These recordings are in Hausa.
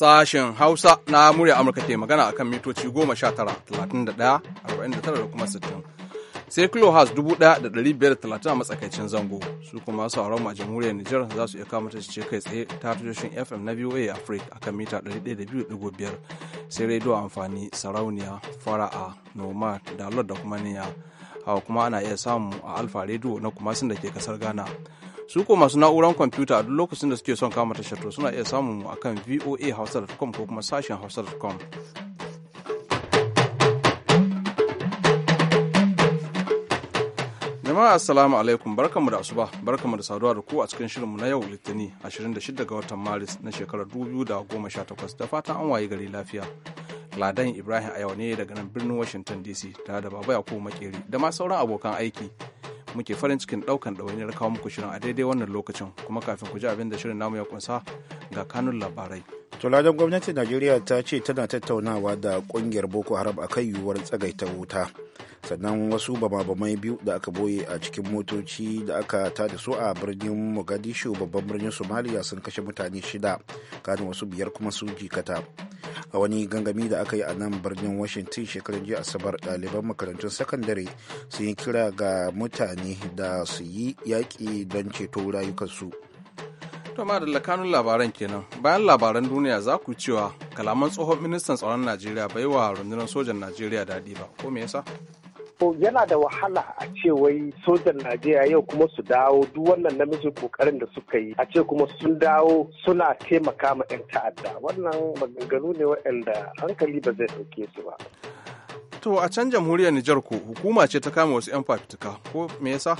sashen Hausa na murya Amurka ke magana akan mitoci 19,31,49 da kuma 60. Sai 1,530 a matsakaicin zango. Su kuma sauran a jamhuriyar Nijar za su iya kama ta ce kai tsaye ta tashoshin FM na VOA Africa kan mita 102.5 sai rediyo amfani sarauniya fara'a nomad da da kuma niya. Hawa kuma ana iya samu a alfa rediyo na kumasin da ke kasar Ghana. su ko masu na'uran kwamfuta a duk lokacin da suke son kama tashar to suna iya samun mu akan voa hausa.com ko kuma sashen hausa.com jama'a assalamu alaikum barkanmu da asuba barkanmu da saduwa da ku a cikin shirinmu na yau litinin 26 ga watan maris na shekarar 2018 da fatan an waye gari lafiya ladan ibrahim a yau ne daga nan birnin washington dc tare da baba yakubu makeri da ma sauran abokan aiki muke farin cikin ɗaukan ɗawainiyar kawo muku shirin a daidai wannan lokacin kuma kafin ku ji abin da shirin namu ya kunsa ga kanun labarai tuladen gwamnatin najeriya ta ce tana tattaunawa da kungiyar boko haram a kan yiwuwar tsagaita wuta sannan wasu bama-bamai biyu da aka boye a cikin motoci da aka tada su a birnin mogadishu babban birnin somaliya sun kashe mutane shida kanin wasu biyar kuma su jikata a wani gangami da aka yi a nan birnin washington shekarun jiya asabar ɗaliban makarantun sakandare sun yi kira ga mutane da su yi yaƙi don ceto rayukansu. To ma da lakanun labaran kenan. Bayan labaran duniya za ku cewa kalaman tsohon ministan tsaron Najeriya bai wa rundunar sojan Najeriya daɗi ba. Ko me yasa? yana da wahala a ce wai sojan Najeriya yau kuma su dawo duk wannan namijin kokarin da suka yi a ce kuma sun dawo suna taimaka ma 'yan ta'adda. Wannan maganganu ne waɗanda hankali ba zai ɗauke su ba. To a can jamhuriyar Nijar ko hukuma ce ta kama wasu 'yan fafutuka ko me yasa?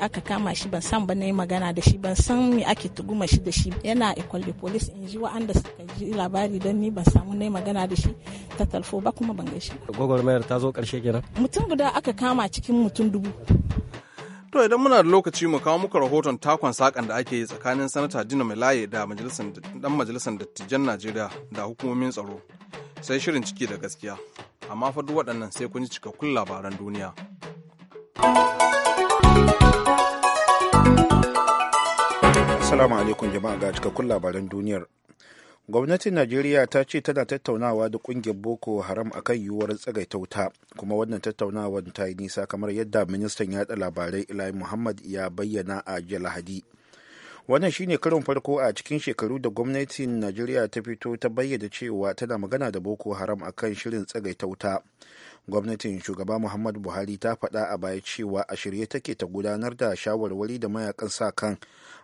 aka kama shi ban san ba na yi magana da shi ban san me ake tuguma shi da shi yana ecole da police in ji wa'anda suka ji labari don ni ban samu na yi magana da shi ta talfo ba kuma ban gaishe. Gwagwarmayar ta zo ƙarshe kenan. Mutum guda aka kama cikin mutum dubu. To idan muna da lokaci mu kawo muka rahoton takon sakan da ake yi tsakanin sanata Dina milaye da dan majalisar dattijan Najeriya da hukumomin tsaro. Sai shirin ciki da gaskiya. Amma fa duk waɗannan sai kun ji cikakkun labaran duniya. Assalamu alaikum jama'a ga cikakkun labaran duniyar. Gwamnatin Najeriya ta ce tana tattaunawa da kungiyar Boko Haram akan yiwuwar tsagaita wuta, kuma wannan tattaunawar ta yi nisa kamar yadda ministan yada labarai Ilai Muhammad ya bayyana a jiya Lahadi. wannan shine karin farko a cikin shekaru da gwamnatin najeriya ta fito ta bayyana cewa tana magana da boko haram a kan shirin tsagaita wuta gwamnatin shugaba muhammadu buhari ta faɗa a baya cewa a shirye take ta gudanar da shawarwari da mayakan sa kan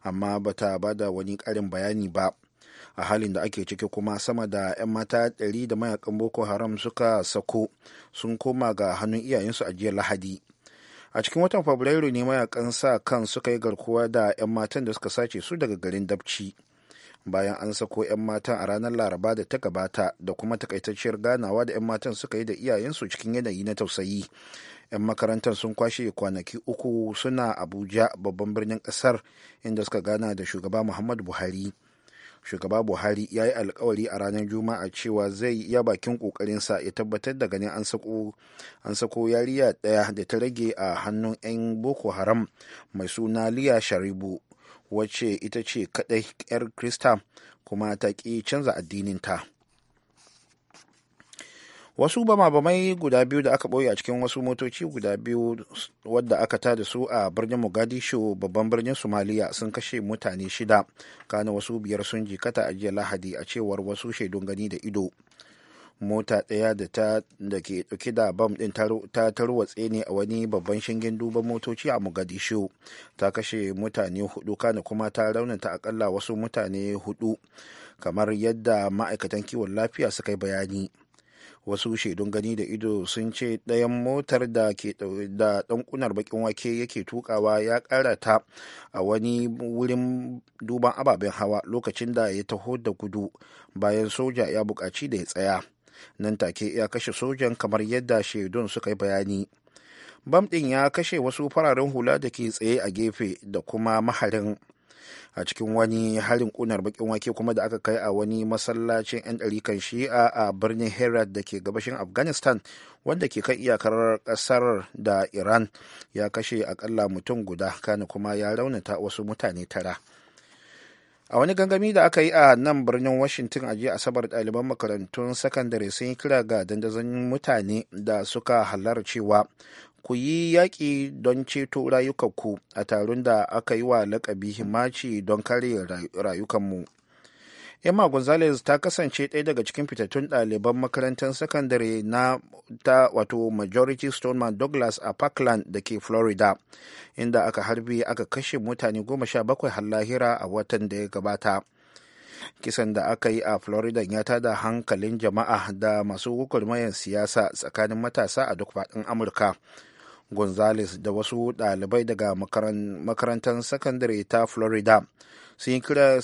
amma bata da wani karin bayani ba a halin da ake ciki kuma sama da 'yan mata 100 da mayakan boko haram suka sako sun koma ga hannun iyayensu a jiya lahadi a cikin watan fabrairu ne mayakan sa kan suka yi garkuwa da 'yan matan da suka sace su daga garin dabci bayan an sako 'yan matan a ranar laraba da ta gabata da kuma takaitacciyar ganawa da 'yan matan suka yi da iyayensu cikin yanayi na tausayi 'yan makarantar sun kwashe kwanaki uku suna abuja babban birnin kasar inda suka gana da shugaba muhammadu buhari shugaba buhari ya yi alkawari a ranar juma'a cewa zai ya bakin kokarinsa ya tabbatar da ganin an sako yariya daya da ta rage a hannun 'yan boko haram mai suna liya sharibu wacce ita ce kadai 'yar krista kuma ta ki canza addininta wasu bama-bamai guda biyu da aka ɓoye a cikin wasu motoci guda biyu wadda aka tada su a birnin mogadishu babban birnin somaliya sun kashe mutane shida kana wasu biyar sun jikata a jiya lahadi a cewar wasu shaidun gani da ido mota ɗaya da ta da ke ɗauke da bam ɗin ta tarwatse ne a wani babban shingen duban motoci a mogadishu ta kashe mutane hudu kana kuma ta raunata akalla wasu mutane hudu kamar yadda ma'aikatan kiwon lafiya suka yi bayani wasu shaidun gani da ido sun ce ɗayan motar da ke da ɗankunar bakin wake yake tukawa ya karata a wani wurin duban ababen hawa lokacin da ya taho da gudu bayan soja ya buƙaci da ya tsaya nan take ya kashe sojan kamar yadda shaidun suka yi bayani bam ɗin ya kashe wasu fararen hula da ke tsaye a gefe da kuma maharin a cikin wani harin kunar bakin wake kuma da aka kai a wani masallacin 'yan ɗarikan shi'a a birnin herat da ke gabashin afghanistan wanda ke kan iyakar ƙasar da iran ya kashe akalla mutum guda kana kuma ya raunata wasu mutane tara a wani gangami da aka yi a nan birnin washington a jiya asabar ɗaliban makarantun sakandare sun yi kira ga dandazon mutane da suka halarcewa ku yi yaƙi don ceto rayukanku a taron da aka yi wa lakabi himaci don kare rayukanmu. Emma Gonzalez ta kasance ɗaya daga cikin fitattun ɗaliban makarantar sakandare na ta wato Majority Stoneman Douglas a Parkland da ke Florida, inda aka harbi aka kashe mutane goma sha bakwai har lahira a watan da ya gabata. kisan da aka yi a florida ya tada hankalin jama'a da masu gwagwarmayar siyasa tsakanin matasa a duk faɗin amurka gonzales da wasu ɗalibai daga makarantar sakandare ta florida sun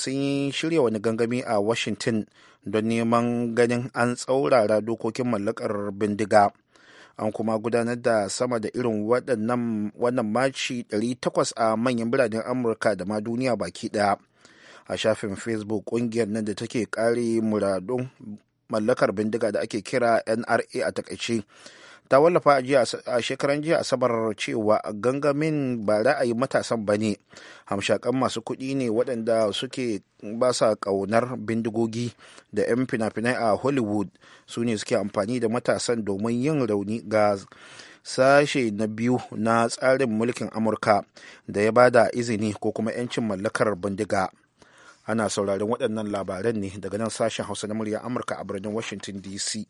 yi shirya wani gangami a washington don neman ganin an tsaurara dokokin mallakar bindiga an kuma gudanar da sama da irin waɗannan wannan maci 800 a manyan biranen amurka da ma duniya baki ɗaya a shafin facebook ƙungiyar nan da take kare muradun mallakar bindiga da ake kira nra a takaice ta wallafa a shekaran jiya asabar cewa gangamin ba ra'ayin matasan ba ne hamshakan masu kuɗi ne waɗanda suke ba sa ƙaunar bindigogi da 'yan fina-finai a hollywood su ne suke amfani da matasan domin yin rauni ga sashe na biyu na tsarin mulkin amurka da ya bada izini ko kuma 'yancin mallakar bindiga ana sauraron waɗannan labaran ne daga nan sashen hausa na murya amurka a birnin washington dc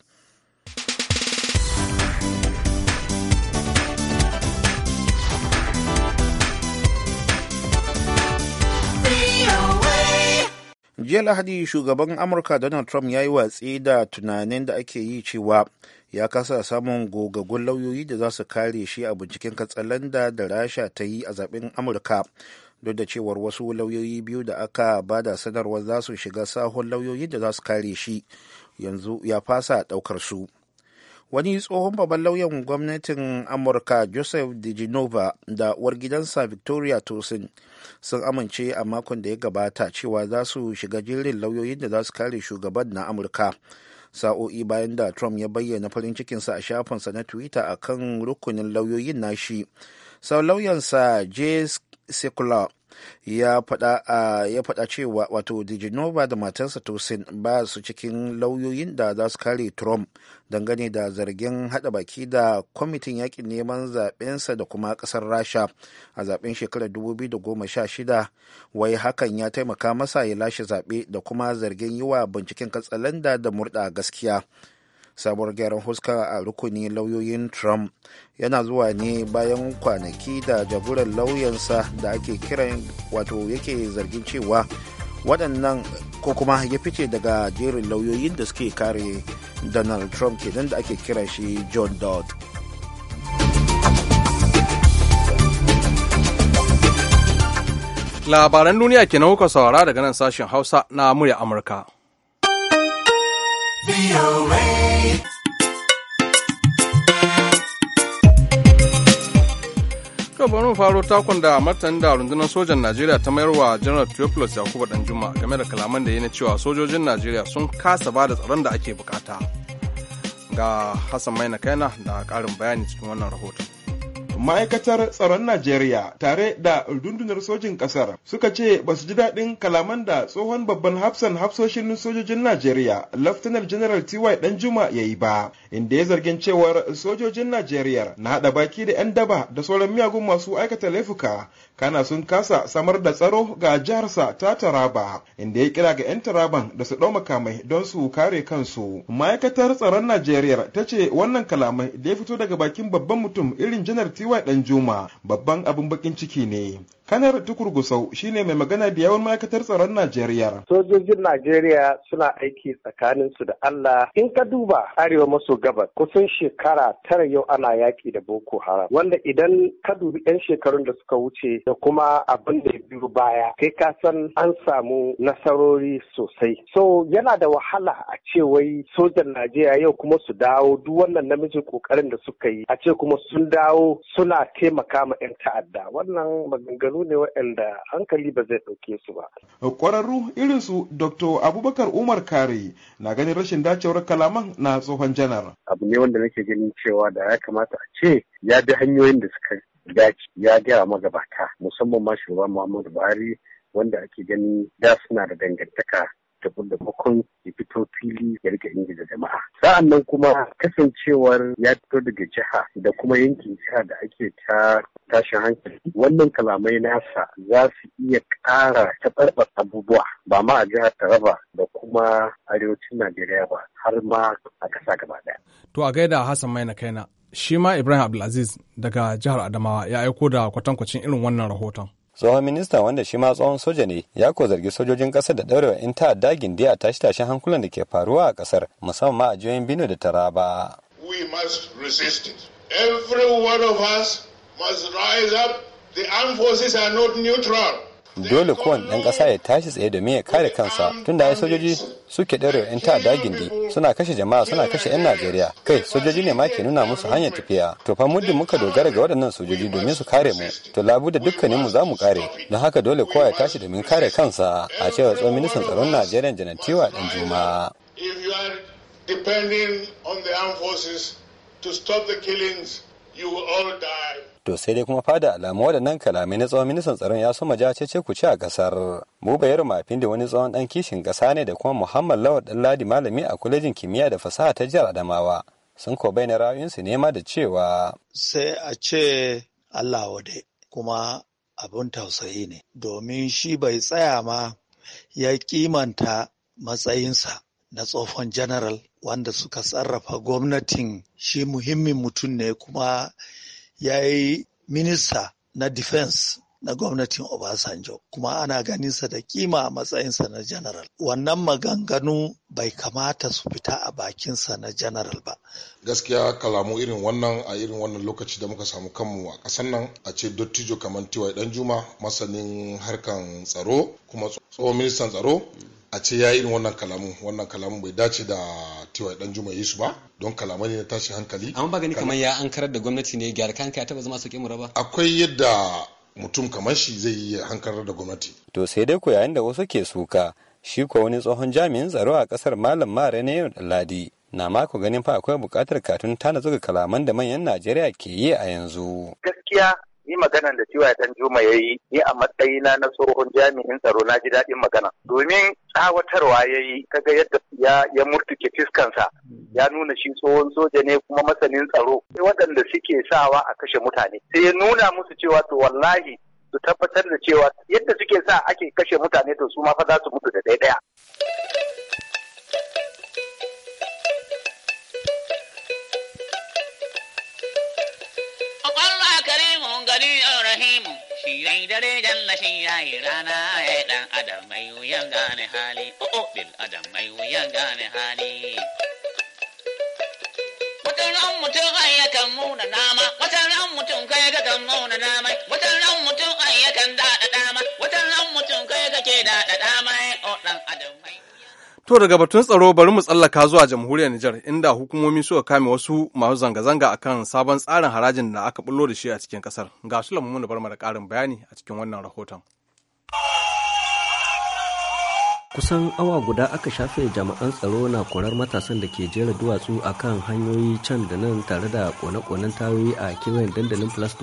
jiya lahadi shugaban amurka donald trump ya yi watsi da tunanin da ake yi cewa ya kasa samun gogaggun lauyoyi da za su kare shi a binciken katsalanda da rasha ta yi a zaben amurka duk da cewar wasu lauyoyi biyu da aka ba da sanarwar za su shiga sahun lauyoyi da za su kare shi yanzu ya fasa daukar su wani tsohon babban lauyan gwamnatin amurka joseph diginova da wargidansa victoria tosin sun amince a makon da ya gabata cewa za su shiga jirin lauyoyin da za su kare shugaban na amurka sa'o'i bayan da trump ya bayyana farin cikinsa a shafinsa na twitter kan rukunin lauyoyin nashi sau lauyansa jay sekular ya faɗa cewa wato dijinova da matarsa tosin ba su cikin lauyoyin da za su kare trump dangane da zargin hada baki da kwamitin yakin neman zaɓensa da kuma ƙasar rasha a zaɓen shekarar 2016 wai hakan ya taimaka masa ya lashe zaɓe da kuma zargin yi wa binciken katsalanda da murɗa gaskiya sabuwar gyaran huska a rukuni lauyoyin trump yana zuwa ne bayan kwanaki da jagoran lauyansa da ake kiran wato yake zargin cewa waɗannan ko kuma ya fice daga jerin lauyoyin da suke kare donald trump kenan da ake kira shi john dodd labaran duniya ke kuka saurara daga nan sashen hausa na murya amurka To faro takon da martanin da rundunar sojan Najeriya ta mayar wa General Theophilus Yakubu Danjuma game da kalaman da ya na cewa sojojin Najeriya sun kasa ba da tsaron da ake bukata. Ga Hassan Maina Kaina da ƙarin bayani cikin wannan rahoton. ma'aikatar tsaron najeriya tare da rundunar sojin ƙasar suka ce ba su ji daɗin kalaman da tsohon babban hafsan hafsoshin sojojin najeriya laftanar general ty danjuma ya yi ba inda ya zargin cewar sojojin najeriya na haɗa baki da 'yan daba da sauran miyagun masu aikata laifuka kana sun kasa samar da tsaro ga jiharsa ta taraba inda ya kira ga 'yan taraban da su ɗau makamai don su kare kansu ma'aikatar tsaron najeriya ta ce wannan kalamai da ya fito daga bakin babban mutum irin janar ty danjuma babban abin bakin ciki ne kanar tukur gusau shine mai magana da yawan ma'aikatar tsaron najeriya sojojin najeriya suna aiki tsakanin su da allah in ka duba arewa maso gabas kusan shekara tara yau ana yaƙi da boko haram wanda idan ka dubi yan shekarun da suka wuce da kuma abin da ya biyu baya kai ka san an samu nasarori sosai so yana da wahala a ce wai sojan najeriya yau kuma su dawo duk wannan namijin kokarin da suka yi a ce kuma sun dawo suna taimaka ma 'yan ta'adda wannan maganganu ne waɗanda hankali ba zai ɗauke su ba. Ƙwararru irin su Dr. Abubakar Umar Kare na ganin rashin dacewar kalaman na tsohon janar. Abu ne wanda nake ganin cewa da ya kamata a ce ya bi hanyoyin da suka dace ya gaya magabata musamman ma shugaban Muhammadu Buhari wanda ake gani da suna da dangantaka ta da bakon ya fito fili ya rika ingiza jama'a sa'an nan kuma kasancewar ya fito daga jiha da kuma yankin jiha da ake ta tashin hankali wannan kalamai nasa za su iya ƙara taɓarɓar abubuwa ba ma a jihar taraba da kuma arewacin najeriya ba har ma a ƙasa gaba ɗaya. to a gaida hassan maina kaina shi ma ibrahim abdulaziz daga jihar adamawa ya aiko da kwatankwacin irin wannan rahoton. tsohon minista wanda shi ma tsohon soja ne ya ko zargi sojojin kasar da daurewa in ta'adda gindi a tashi tashen hankulan da ke faruwa a kasar musamman a jiyoyin Bino da Taraba. We must resist it. Every one of us must rise up. The armed forces are not neutral. dole kowane ɗan ƙasa ya tashi tsaye domin ya kare kansa tun da sojoji suke ɗaure 'yan ta'adda gindi suna kashe jama'a suna kashe 'yan najeriya kai sojoji ne ma ke nuna musu hanyar tafiya to fa muddin muka dogara ga waɗannan sojoji domin su kare mu to labu da dukkaninmu za mu kare don haka dole kowa ya tashi domin kare kansa a cewar tsohon ministan tsaron najeriya janar tiwa ɗan juma. depending on the armed forces to stop the killings To sai dai kuma fada alamu waɗannan kalamai na tsawon ministan tsaron ya soma ja ce ku ci a ƙasar. Mu bayar mafin da wani tsawon ɗan kishin ƙasa ne da kuma Muhammad Lawal Ladi malami a kwalejin kimiyya da fasaha ta jihar Adamawa. Sun ko bayyana ra'ayinsu nema da cewa. Sai a ce Allah wade kuma abun tausayi ne domin shi bai tsaya ma ya kimanta matsayinsa na tsohon general wanda suka sarrafa gwamnatin shi muhimmin mutum ne kuma ya yi minista na defense na gwamnatin Obasanjo kuma ana ganinsa da kima a matsayinsa na general. Wannan maganganu bai kamata su fita a bakinsa na general ba. Gaskiya kalamu irin wannan a irin wannan lokaci da muka samu kanmu a ƙasar nan a ce dottijo kamar tiwai danjuma masanin harkan tsaro kuma tsohon ministan tsaro a ce ya yi irin wannan kalamun wannan kalamun bai dace da tiwa dan juma yi su ba don kalamai ne na tashi hankali amma ba gani kamar ya an karar da gwamnati ne gyara kanka ya taba zama sauke mura ba akwai yadda mutum kamar shi zai yi hankarar da gwamnati to sai dai ko yayin da wasu ke suka shi ko wani tsohon jami'in tsaro a kasar malam mare ne ladi na mako ganin fa akwai buƙatar katun tana zuga kalaman da manyan Najeriya ke yi a yanzu. Gaskiya ni maganan da ciwa dan juma yi ni a matsayina na tsohon jami'in tsaro na ji daɗin magana domin tsawatarwa ya yayi kaga yadda ya ya murtuke fiskansa ya nuna shi tsohon soja ne kuma masanin tsaro sai waɗanda suke sawa a kashe mutane sai ya nuna musu cewa to wallahi su tabbatar da cewa yadda suke sa ake kashe mutane to su ma fa za su mutu da ɗaya ɗaya karimun gariyar rahimu Shirai rai dare janna shi rai rana ya eh, dan adam mai wuyan gane hali o'o oh, oh, bil adam mai wuyan gane hali watan ran mutum ai yakan muna nama watan ran mutum kai ga kan muna nama watan ran mutum ai yakan dada dama watan ran mutum kai ga ke dada dama To daga batun tsaro bari mu tsallaka zuwa jamhuriyar Nijar inda hukumomi suka kame wasu masu zanga-zanga akan sabon tsarin harajin da aka bullo da shi a cikin kasar. Ga su lamu bar da ƙarin bayani a cikin wannan rahoton. kusan awa guda aka shafe jami'an tsaro na korar matasan da ke jera duwatsu akan hanyoyi can da nan tare da kone-konen tayoyi a kewayen dandalin plus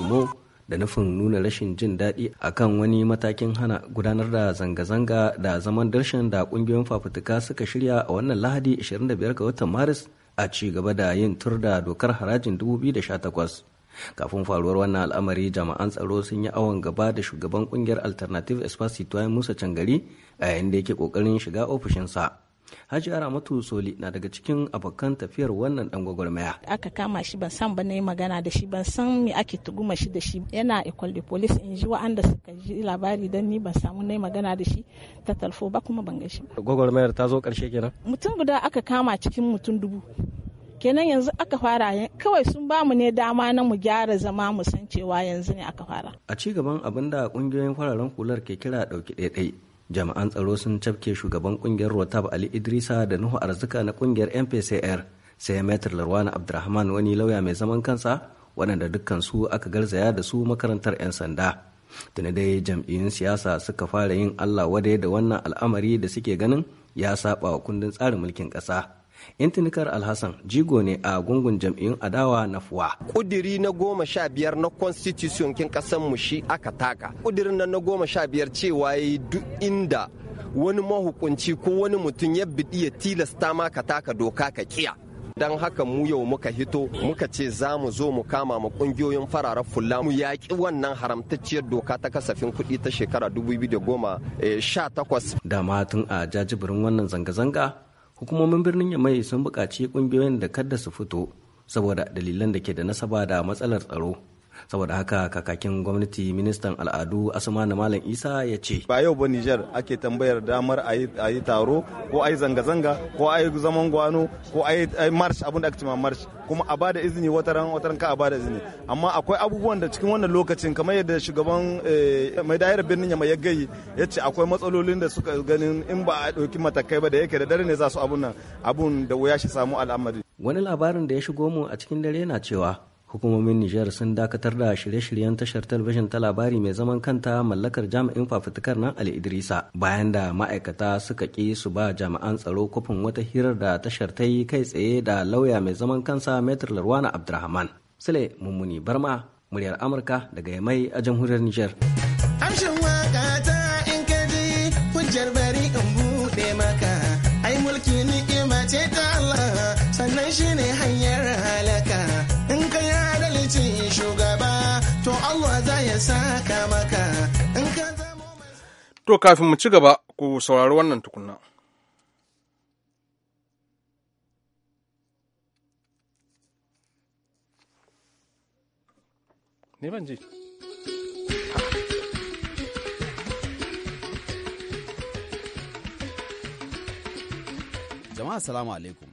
da nufin nuna rashin jin daɗi a kan wani matakin hana gudanar da zanga-zanga da zaman darshan da ƙungiyoyin fafutuka suka shirya a wannan lahadi 25 ga watan maris a ci gaba da yin tur da dokar harajin 2018 kafin faruwar wannan al'amari jami'an tsaro sun yi awon gaba da shugaban kungiyar alternative espace musa cangari a yayin da yake kokarin shiga ofishinsa Hajiya Ramatu Soli na daga cikin abokan tafiyar wannan dan gwagwarmaya. Aka kama shi ban san ba na yi magana da shi ban san me ake tuguma shi da shi yana école de police in ji wa'anda suka ji labari dan ni ban samu na yi magana da shi ta talfo ba kuma ban gashi. Gwagwarmayar ta zo karshe kenan. Mutum guda aka kama cikin mutum dubu. kenan yanzu aka fara kawai sun ba mu ne dama na mu gyara zama mu san cewa yanzu ne aka fara a ci gaban abin da kungiyoyin fararen hular ke kira dauki ɗaiɗai jami'an tsaro sun cafke shugaban kungiyar rotab ali idrisa da nuhu arzika na kungiyar mpcr sai metr larwana abdurrahman wani lauya mai zaman kansa waɗanda dukkansu aka garzaya da su makarantar 'yan sanda tuni dai jam'iyyun siyasa suka fara yin allah wadai da wannan al'amari da suke ganin ya saba wa kundin tsarin mulkin ƙasa intinikar alhassan jigo ne a gungun jam'iyyun adawa na fuwa kudiri na goma sha biyar na constitution kin kasan mu shi aka taka kudirin nan na goma sha biyar cewa yi duk inda wani mahukunci ko wani mutum ya biɗi ya tilasta ma ka taka doka ka kiya dan haka mu yau muka hito muka ce za mu zo mu kama mu kungiyoyin fararen fulla mu yaƙi wannan haramtacciyar doka ta kasafin kuɗi ta shekara 2018 da matun eh, a jajibirin wannan zanga-zanga hukumomin birnin yamai sun buƙaci ƙungiyoyin da kada su fito saboda dalilan da ke da nasaba da matsalar tsaro saboda haka kakakin gwamnati ministan al'adu asmanu malam isa ya ce ba yau ba nijar ake tambayar damar a yi taro ko a yi zanga-zanga ko a yi zaman gwano ko a yi march abin da ake cewa march kuma a bada izini wataran wataran ka a bada izini amma akwai abubuwan da cikin wannan lokacin kamar yadda shugaban eh, mai dayar birnin ya gayi ya ce akwai matsalolin da suka ganin in ba a ɗauki matakai ba da yake da dare ne za su abun abun da wuya shi samu al'amari wani labarin da ya shigo mu a cikin dare na cewa hukumomin nijar sun dakatar da shirye-shiryen tashar talabijin ta labari mai zaman kanta mallakar jami'in fafutukar nan ali idrisa bayan da ma'aikata suka ki su ba jami'an tsaro kofin wata hirar da tashar ta yi kai tsaye da lauya mai zaman kansa metr larwana abdulrahman sule mummuni barma muryar amurka daga yamai a jamhuriyar nijar To kafin mu ci gaba ku saurari wannan tukunna. Ne ban ji. Jama'a salamu alaikum.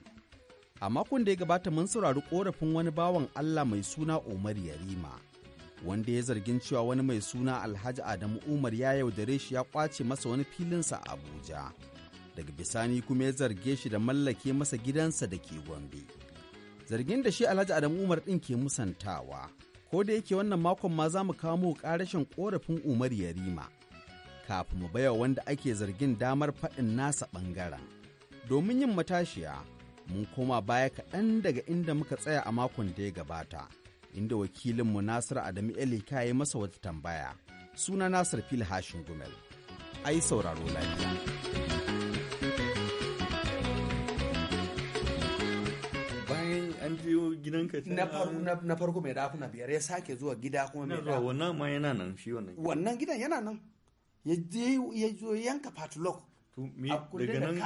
A makon da ya gabata mun saurari ƙorafin wani bawan Allah mai suna Umar Yarima. wanda ya zargin cewa wani mai suna alhaji adamu umar ya yaudare shi ya kwace masa wani filinsa a abuja daga bisani kuma ya zarge shi da mallake masa gidansa da ke gombe zargin da shi alhaji adamu umar ɗin ke musantawa ko da yake wannan makon ma za mu kawo mu ƙarashin ƙorafin umar yarima kafin mu baya wanda ake zargin damar faɗin nasa ɓangaren domin yin matashiya mun koma baya kaɗan daga inda muka tsaya a makon da ya gabata. inda wakilin mu Nasir Adamu ka yi masa wata tambaya. Suna Nasir Fil Hashin Gumel. Ai sauraro lafiya. Bayan an biyo gidanka na farko mai dakuna biyar ya sake zuwa gida kuma mai dakuna. Wannan ma yana nan shi wannan. Wannan gidan yana nan. Ya zo yanka patulok. daga nan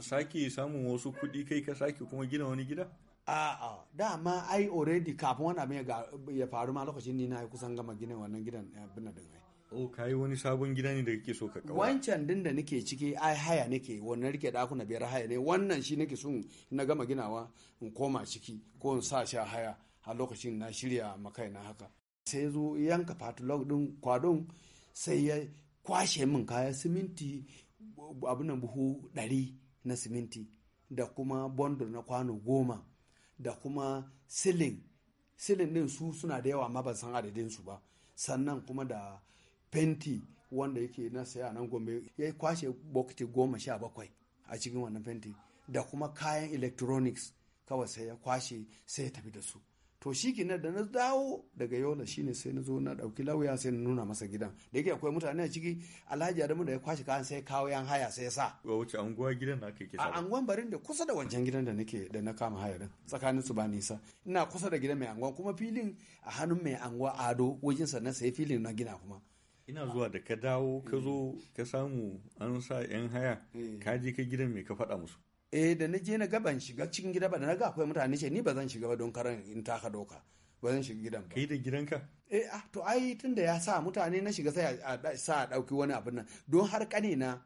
sake samun wasu kuɗi kai ka sake kuma gina wani gida? a'a dama ai already kafin wani abin ya faru ma lokacin ni na kusan gama ginin wannan gidan eh, abin din ne o kai wani sabon gida ne da kake so ka kawo wancan din da nake ciki ai haya nake wannan rike dakuna biyar haya ne wannan shi nake so na gama ginawa in koma ciki ko in sa shi haya a lokacin na shirya makai na haka sai zo yanka fatulog din kwadon sai ya kwashe min kaya siminti abin buhu ɗari na siminti da kuma bondo na kwano goma da kuma silin silin din su suna da yawa amma ban san adadin su ba sannan kuma da fenti wanda yake na saya nan gombe ya kwashe bokiti goma sha bakwai a cikin wannan fenti da kuma kayan electronics kawai sai ya kwashe sai ya tafi da su to shi kenan da na dawo daga yola shine sai na zo na dauki lauya sai na nuna masa gidan da yake akwai mutane a ciki alhaji adamu da ya kwashe kayan sai kawo yan haya sai ya sa wa wuce anguwa gidan na kai a anguwan barin da kusa da wancan gidan da nake da na kama haya din tsakanin su ba nisa ina kusa da gidan mai anguwa kuma filin a hannun mai anguwa ado wajen sa na sai filin na gina kuma ina zuwa da ka dawo ka zo ka samu an sa yan haya eh. ka je ka gidan mai ka faɗa musu eh da na je na gaban shiga cikin gida ba da na ga akwai mutane ce ni ba zan shiga ba don karan in taka doka ba zan shiga gidan ba kai da gidanka eh ah to ai tunda ya sa mutane na shiga sai a sa a dauki wani abin nan don har kane na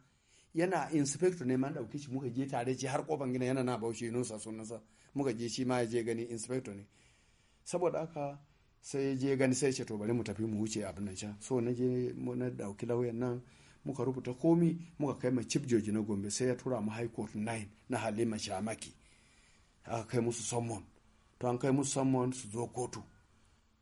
yana inspector ne man dauke shi muka je tare ci har kofan gidan yana na baushe nusa sunansa muka je shi ma ya je gani inspector ne saboda haka sai je gani sai ce to bari mu tafi mu wuce abin nan can so na je na dauki lauyan nan muka rubuta komi muka kai ma chief judge na gombe sai ya tura mu high court 9 na halima shamaki aka kai musu summon to an kai musu summon su zo kotu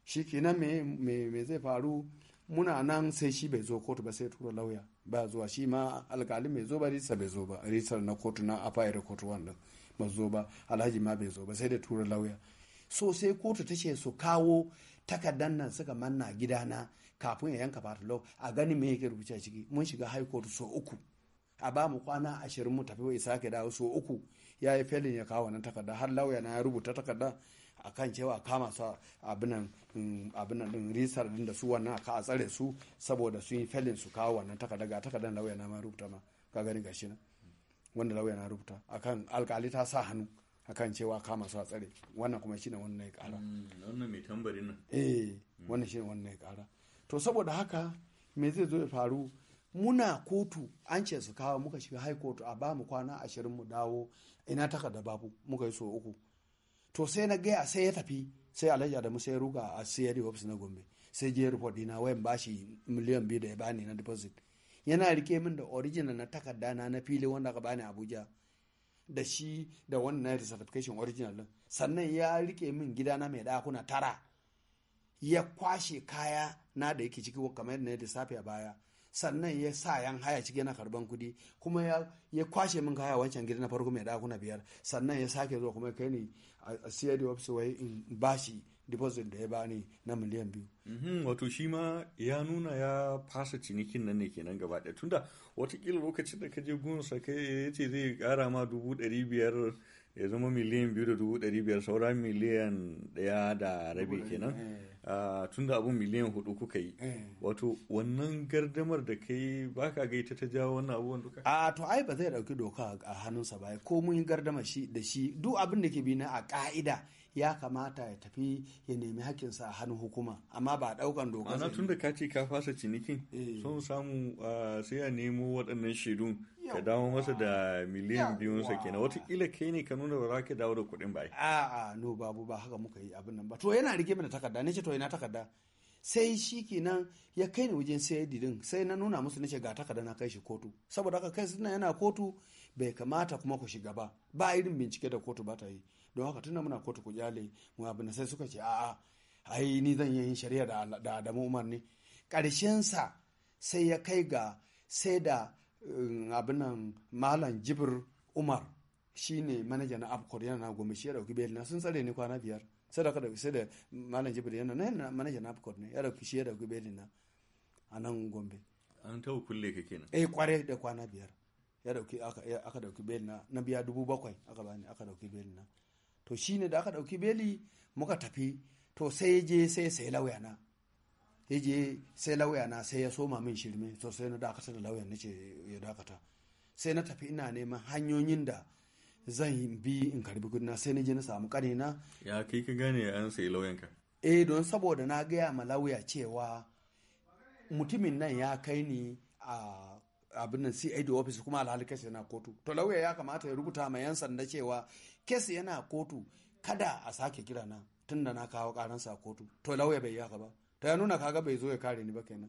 shi kenan me, me, me zai faru muna nan sai shi bai zo kotu ba sai tura lauya ba zuwa shi ma alkalin mai zo ba risa bai zo ba risar na kotu na afayar kotu wanda ba zo ba alhaji ma bai zo ba sai da tura lauya so sai kotu ta ce su kawo takardar nan suka manna gidana kafin ya yanka lau a gani me yake rubuce a ciki mun shiga high court so uku a ba mu kwana ashirin mu tafi ya sake dawo so uku ya yi felin ya kawo wannan takarda har lauya na ya rubuta takarda a kan cewa kama su abinan abinan mm, din risar din da su wannan aka a tsare su saboda sun yi felin su kawo wannan takarda ga takardar lauya na ma rubuta ma ka gani gashi nan wanda lauya na rubuta akan alkali ta sa hannu akan cewa kama su a tsare wannan kuma shine wannan ya kara mm, wannan mai tambarin nan eh wannan shine wannan ya kara to saboda haka me zai zo ya faru muna kotu an ce su kawo muka shiga high court a ba mu kwana ashirin mu dawo ina takarda babu muka yi so uku to sai na gaya sai ya tafi sai alhaji adamu sai ya ruga a cid office na gombe sai je report dina wayan bashi miliyan biyu da ya bani na deposit yana rike min da original na takarda na na fili wanda ka bani abuja da shi da wannan certification original sannan ya rike min gidana mai dakuna tara ya kwashe kaya na da yake ciki kamar yadda na lissafi a baya sannan ya sa yan haya ciki yana karban kudi kuma ya, kwashe min kaya wancan gida na farko mai dakuna biyar sannan ya sake zuwa kuma kai ni a siyar da wai in bashi deposit da ya bani na miliyan biyu. Mhm, wato shi ma ya nuna ya fasa cinikin nan ne kenan gaba ɗaya tunda watakila lokacin da ka je gunsa kai ya ce zai kara ma dubu ɗari biyar ya zama miliyan biyu da dubu ɗari biyar saura miliyan ɗaya da rabi kenan. Eh. Ah, tunda abun miliyan hudu kuka yi eh. wato wannan gardamar da kai baka gai ta ta jawo wannan abubuwan duka a ah, to ai ba zai dauki doka a hannunsa ba ko mun gardama shi da shi duk abin da ke bi na a ka'ida ya kamata ya tafi ya nemi hakinsa a hannun hukuma amma ba daukan doka ana tunda ka ce ka fasa cinikin eh. sun samu sai a nemo waɗannan shaidun ka dawo masa da miliyan biyun sa kenan watakila kai ne ka nuna ba za ka dawo da kuɗin ba a'a no babu ba haka muka yi abin nan ba to yana rike mana takarda ne ce to ina takarda sai shi kenan ya kai ni wajen sayar didin sai na nuna musu ce ga takarda na kai shi kotu saboda haka kai suna yana kotu bai kamata kuma ku shiga ba ba irin bincike da kotu ba ta yi don haka tunda muna kotu ku kyale mu abin sai suka ce a'a ai ni zan yi shari'a da da Adamu Umar ne karshen sa sai ya kai ga sai da um, abin nan Malam Jibir Umar shine manaja na Afcor yana na goma shi ya dauki bail na sun tsare ni kwana biyar sai da kada sai da Malam Jibr yana na manaja na Abkor ne ya dauki shi ya dauki bail na a nan Gombe an tawo kulle ka kenan eh kware da kwana biyar ya dauki aka dauki bail na na biya dubu bakwai aka bani aka dauki bail na to shi ne da aka ɗauki beli muka tafi to sai ya je sai sai lauya na ya je sai lauya na sai ya soma min shirme to sai na dakata da lauya na ce ya dakata sai na tafi ina neman hanyoyin da zan bi in karbi kudina sai na je na samu na ya kai ka gane an sai lauyan ka eh don saboda na gaya ma lauya cewa mutumin nan ya kai ni a abin nan CID office kuma alhali kashe na kotu to lauya ya kamata ya rubuta ma yan sanda cewa kes yana kotu kada a sake kira na tun da na kawo karansa a kotu to lauya bai yi haka ba ta ya nuna kaga bai zo ya kare ni ba kenan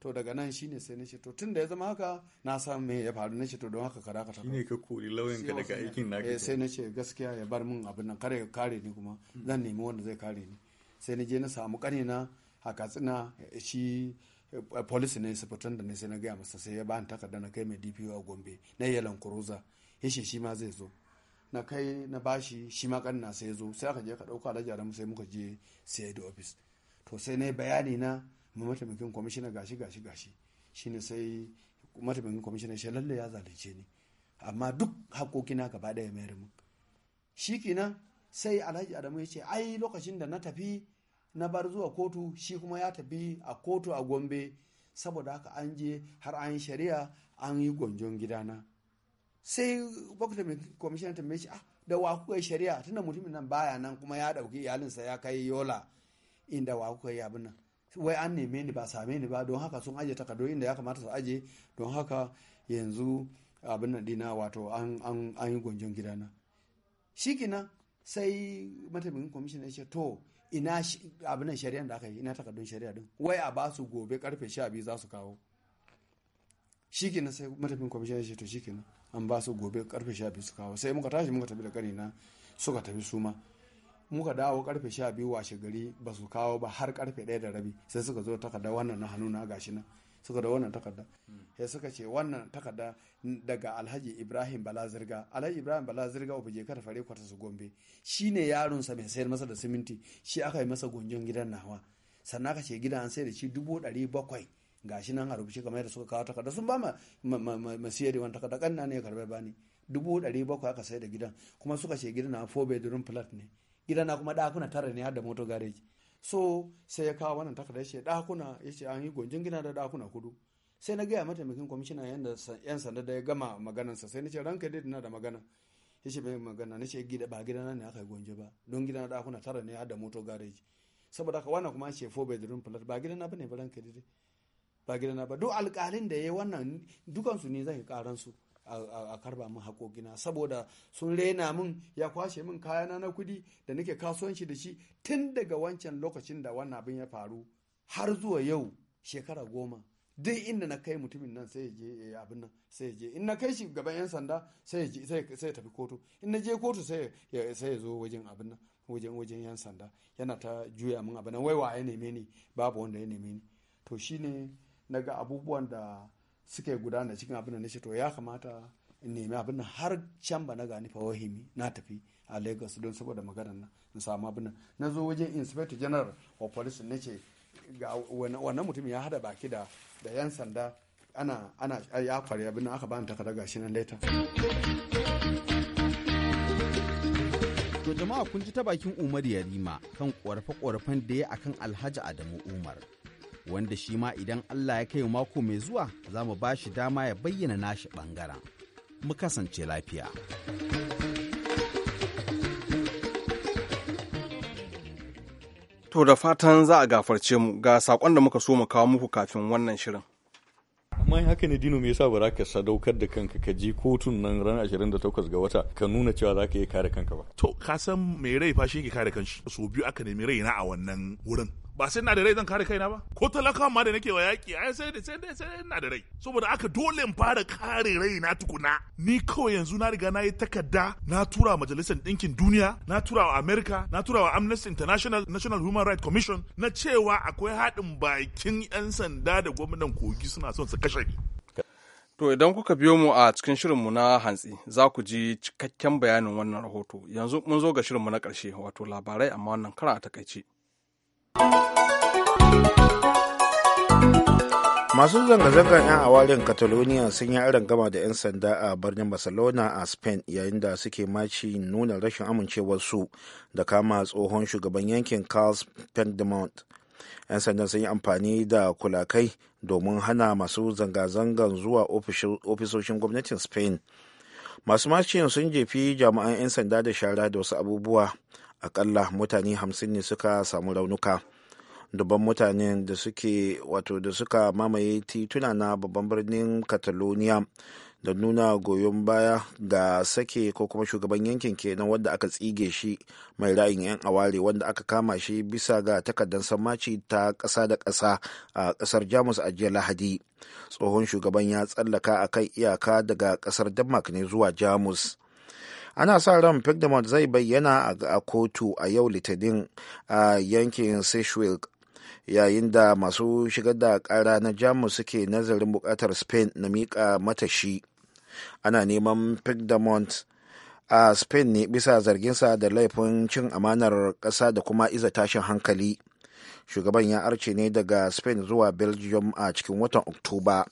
to daga nan shine sai na to tun da ya zama haka na san me ya faru na to don haka kada ka tafi shine ka kori lauyan ka daga aikin naka eh, sai na ce gaskiya ya bar min abin nan kare kare ni kuma zan nemi wanda zai kare ni sai na je na samu kanina a tsina shi eh, polisi ne sufutun da ne sai na gaya masa sai ya ba ni takarda na kai mai dpo a gombe na yalan kuruza ya shi ma zai zo na kai na bashi shi ma na sai zo sai aka je ka dauka alhaji adamu sai muka je sai da ofis to sai na bayani na ma mataimakin kwamishina gashi gashi gashi shine sai mataimakin kwamishina shi lalle ya zalunce ni amma duk na gaba ɗaya mayar min shi kenan sai alhaji adamu ya ce ai lokacin da na tafi na bar zuwa kotu shi kuma ya tafi a kotu a gombe saboda haka an je har an shari'a an yi gwanjon gidana sai gwamnati kwamishinan ta mai ah da wa kuka shari'a tunda mutumin nan baya nan kuma ya dauki iyalinsa ya kai yola inda wa kuka yi abin nan wai an neme ni ba same ni ba don haka sun aje takardu inda ya kamata su aje don haka yanzu abin nan dina wato an an an yi gonjon gidana shikenan sai mataimakin kwamishinan ya ce to ina abin nan shari'a da aka yi ina takardun shari'a din wai a ba su gobe karfe 12 za su kawo shi kenan sai matafin kwamishin ya ce to shi kenan an ba su gobe karfe sha biyu su kawo sai muka tashi muka tafi da kari na suka tafi su ma muka dawo karfe sha biyu washe gari ba su kawo ba har karfe ɗaya da rabi sai suka zo takarda wannan na hannu na gashi nan suka da wannan takarda sai suka ce wannan takarda daga alhaji ibrahim bala zirga alhaji ibrahim bala zirga ubuje kada fare kwata su gombe shine sa mai sayar masa da siminti shi aka yi masa gunjon gidan nawa sannan aka ce gidan an sai da shi dubu ɗari bakwai gashi nan a rubuce kamar yadda suka kawo takarda sun ba ma siyari wani takarda kan ne ya karbe bani dubu ɗari bakwai aka sai da gidan kuma suka ce gidan na four bedroom flat ne gidan na kuma ɗakuna tara ne har da motor garage so sai ya kawo wannan takarda ya ce ɗakuna ya ce an yi gonjin gina da ɗakuna kudu sai na gaya mataimakin kwamishina yadda yan sanda da ya gama maganansa sai na ce ranka dai na da magana ya ce mai magana na ce gida ba gidana ne aka yi gonje ba don na ɗakuna tara ne har da motor garage saboda haka wannan kuma ce four bedroom flat ba gidana na bane ba ranka dai ba gidana ba duk alkalin da ya yi wannan dukansu ne zai karan su a karba min haƙoƙina saboda sun rena min ya kwashe min kayana na kudi da nake kasuwanci da shi tun daga wancan lokacin da wannan abin ya faru har zuwa yau shekara goma duk inda na kai mutumin nan sai ya je eh, abin nan sai ya je in na kai shi gaban yan sanda sai ya tafi kotu in na je kotu sai ya zo wajen abin nan wajen wajen yan sanda yana ta juya min abin nan wai waye neme ni babu wanda ya neme ni to shine na ga abubuwan da suke gudana cikin abin da na to ya kamata in nemi abin nan har can ba na gani fawahimi na tafi a lagos don saboda maganar nan in samu abin nan na zo wajen inspector general of police na ce ga wannan mutum ya hada baki da da yan sanda ana ana ya kware abin aka bani takarda gashi nan later To jama'a kun ji ta bakin Umar Yarima kan ƙorafe-ƙorafen da ya akan Alhaji Adamu Umar. wanda shi ma idan Allah ya kai mako mai zuwa za mu ba shi dama ya bayyana nashi ɓangaren. Mu kasance lafiya. To da fatan za a gafarce mu ga saƙon da muka so mu kawo muku kafin wannan shirin. amma haka ne dino me yasa ba za ka sadaukar da kanka ka je kotun nan ranar 28 ga wata ka nuna cewa za ka iya kare kanka ba to ka san mai rai fa shi ke kare kanshi so biyu aka nemi na a wannan wurin ba sai ina da rai zan kare kaina ba ko talakawa ma da nake wa yaki ai sai da sai da sai ina da rai saboda aka dole in fara kare rai na tukuna ni kawai yanzu na riga na yi takarda na tura wa majalisar ɗinkin duniya na tura wa America na tura wa Amnesty International National Human Rights Commission na cewa akwai haɗin bakin 'yan sanda da gwamnan kogi suna son su kashe To idan kuka biyo mu a cikin shirinmu na hantsi za ku ji cikakken bayanin wannan rahoto yanzu mun zo ga shirin mu na ƙarshe wato labarai amma wannan kara a takaice. masu zanga-zangar 'yan awarin catalonia sun yi aron gama da 'yan sanda a birnin barcelona a spain yayin da suke maci nuna rashin amincewarsu da kama tsohon shugaban yankin carls pendemont 'yan sanda sun yi amfani da kulakai domin hana masu zanga-zangar zuwa ofisoshin gwamnatin spain masu macin sun jefi jami'an 'yan sanda da shara da wasu abubuwa akalla mutane 50 ne suka samu raunuka. dubban mutane da suke wato da suka mamaye tituna na babban birnin catalonia da nuna goyon baya ga sake ko kuma shugaban yankin kenan wanda aka tsige shi mai ra'ayin 'yan aware wanda aka kama shi bisa ga takardar samaci ta ƙasa da ƙasa a ƙasar jamus a jiya lahadi tsohon shugaban ya tsallaka a kan iyaka daga ƙasar denmark ne zuwa jamus ana sa ran pigdemont zai bayyana a kotu a yau litinin a yankin seychelles yayin da masu shigar da kara na jamus suke nazarin bukatar spain na miƙa mata shi ana neman piedmont a spain ne bisa zarginsa da laifin cin amanar ƙasa da kuma iza tashin hankali shugaban ya arce ne daga spain zuwa belgium a cikin watan oktoba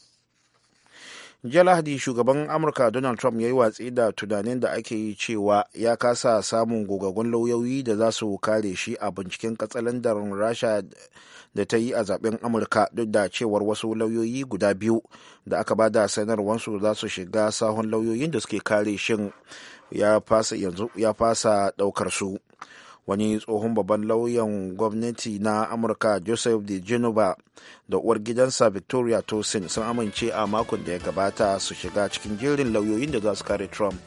jiya lahadi shugaban amurka donald trump ya yi watsi da tunanin da ake yi cewa ya kasa samun gogagun lauyoyi da za su kare shi a binciken katsalandar rasha da ta yi a zaben amurka duk da cewar wasu lauyoyi guda biyu da aka ba da sanarwarsu za su shiga sahun lauyoyin da suke kare shin ya fasa yanzu ya fasa daukar su wani tsohon babban lauyan gwamnati na amurka joseph de genova da uwar gidansa victoria tosin sun amince a makon da ya gabata su shiga cikin jerin lauyoyin da za su kare trump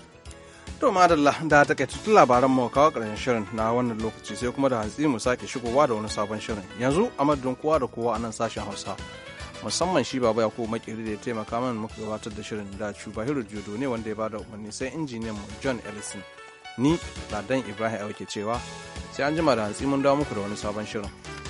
To madalla da takaitattun labaran mu kawo ƙarshen shirin na wannan lokaci sai kuma da hantsi mu sake shigowa da wani sabon shirin. Yanzu a madadin kowa da kowa a nan sashen Hausa. Musamman shi baba ya kuma makiri da ya taimaka mana muka gabatar da shirin da Bahiru Jodo ne wanda ya bada umarni sai injiniyan mu John Ellison. Ni Ladan Ibrahim Awa ke cewa sai an jima da hantsi mun dawo muku da wani sabon shirin.